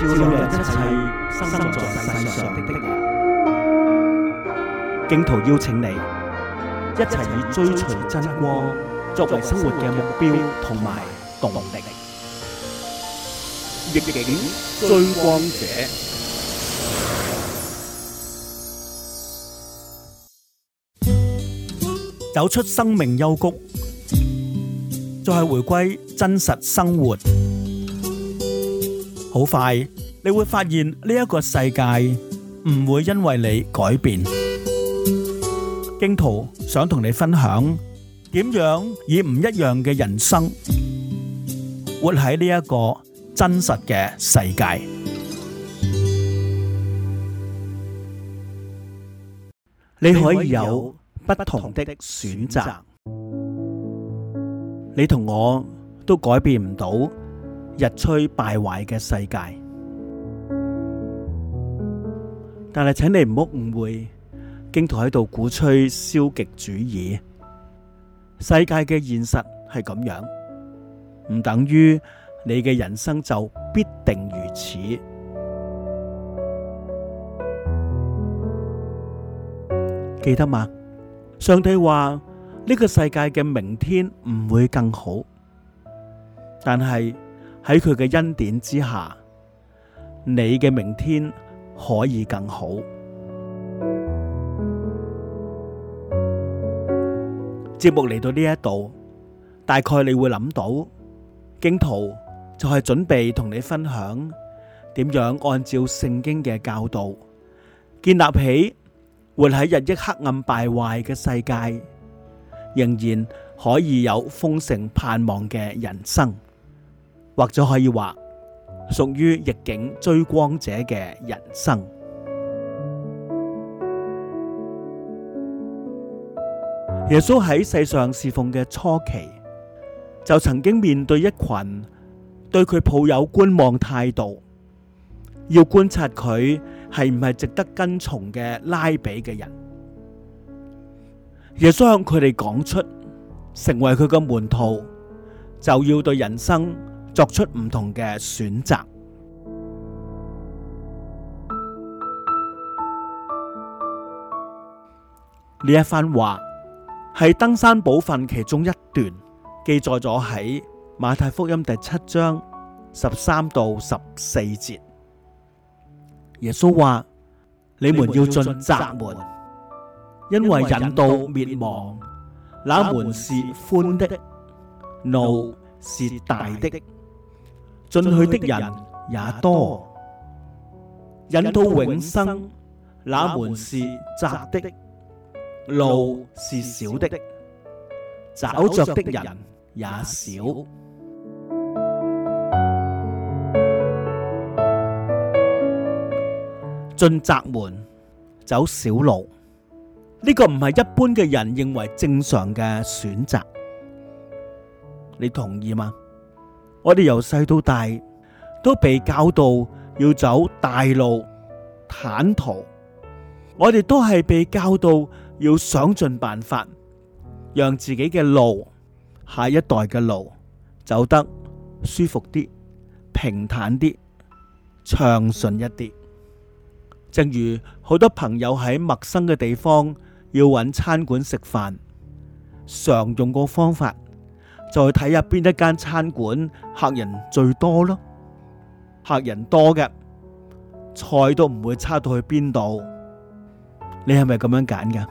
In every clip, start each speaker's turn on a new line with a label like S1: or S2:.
S1: 照亮一切生在世上的的人，荊徒邀請你一齊以追隨真光作為生活嘅目標同埋動力，逆境追光者，走出生命幽谷，就係回歸真實生活。好快，你會發現呢一個世界唔會因為你改變。荊徒想同你分享，點樣以唔一樣嘅人生，活喺呢一個真實嘅世界。你可以有不同的選擇，你同我都改變唔到。日趨敗壞嘅世界，但係請你唔好誤會，荊徒喺度鼓吹消極主義。世界嘅現實係咁樣，唔等於你嘅人生就必定如此。記得嘛？上帝話呢個世界嘅明天唔會更好，但係，喺佢嘅恩典之下，你嘅明天可以更好。節目嚟到呢一度，大概你會諗到，荊徒就係準備同你分享點樣按照聖經嘅教導，建立起活喺日益黑暗敗壞嘅世界，仍然可以有豐盛盼望嘅人生。或者可以話，屬於逆境追光者嘅人生。耶穌喺世上侍奉嘅初期，就曾經面對一群對佢抱有觀望態度，要觀察佢係唔係值得跟從嘅拉比嘅人。耶穌向佢哋講出，成為佢嘅門徒就要對人生作出唔同嘅選擇。呢一番話係登山寶訓其中一段，記載咗喺馬太福音第七章十三到十四節。耶穌話：你們要進窄門，因為引到滅亡，亡，那門是寬的，路是，是，是大的。進去的人也多，引到永生，那門是窄的，路是小的，找着的人也少。進窄門，走小路，呢個唔係一般嘅人認為正常嘅選擇，你同意嗎？我哋由細到大都被教導要走大路坦途，我哋都係被教導要想盡辦法，讓自己嘅路，下一代嘅路走得舒服啲、平坦啲、暢順一啲。正如好多朋友喺陌生嘅地方要搵餐館食飯，常用個方法。就去睇下邊一間餐館客人最多咯，客人多嘅菜都唔會差到去邊度。你係咪咁樣揀噶？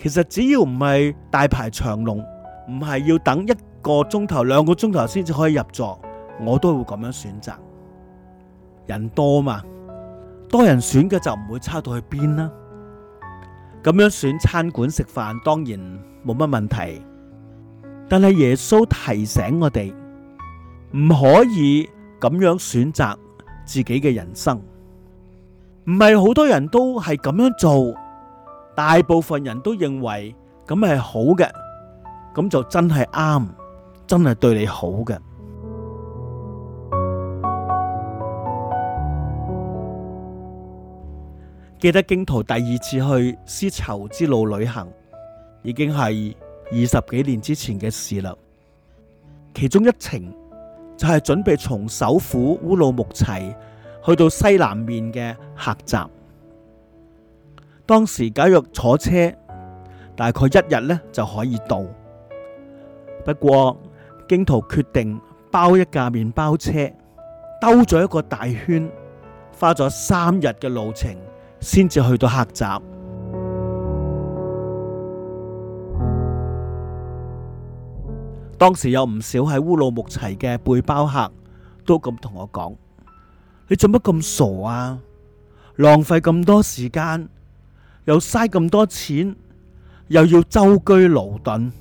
S1: 其實只要唔係大排長龍，唔係要等一個鐘頭、兩個鐘頭先至可以入座，我都會咁樣選擇。人多嘛，多人選嘅就唔會差到去邊啦。咁樣選餐館食飯，當然冇乜問題。但係耶穌提醒我哋，唔可以咁樣選擇自己嘅人生，唔係好多人都係咁樣做，大部分人都認為咁係好嘅，咁就真係啱，真係對你好嘅。記得荊徒第二次去絲綢之路旅行，已經係二十幾年之前嘅事啦，其中一程就係準備從首府烏魯木齊去到西南面嘅客站。當時假若坐車，大概一日呢就可以到。不過荊徒決定包一架麪包車，兜咗一個大圈，花咗三日嘅路程先至去到客站。當時有唔少喺烏魯木齊嘅背包客，都咁同我講：你做乜咁傻啊？浪費咁多時間，又嘥咁多錢，又要舟車勞頓。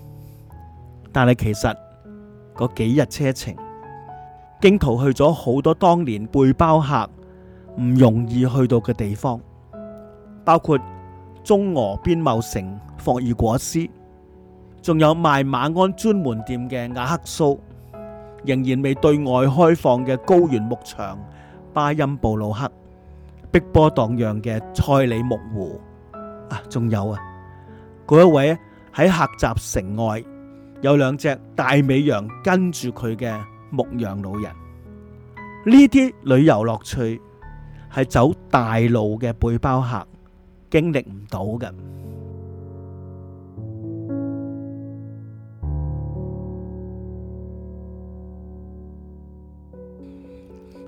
S1: 但係其實個幾日車程，經途去咗好多當年背包客唔容易去到嘅地方，包括中俄邊貿城、霍爾果斯。仲有賣馬鞍專門店嘅阿克蘇，仍然未對外開放嘅高原牧場巴音布魯克，碧波蕩漾嘅塞里木湖，啊，仲有啊，嗰一位喺喀什城外有兩隻大美羊跟住佢嘅牧羊老人，呢啲旅遊樂趣係走大路嘅背包客經歷唔到嘅。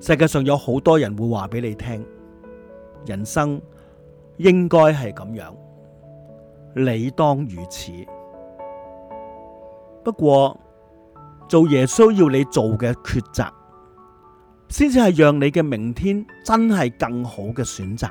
S1: 世界上有好多人會話俾你聽，人生應該係咁樣，理當如此。不過做耶穌要你做嘅抉擇，先至係讓你嘅明天真係更好嘅選擇。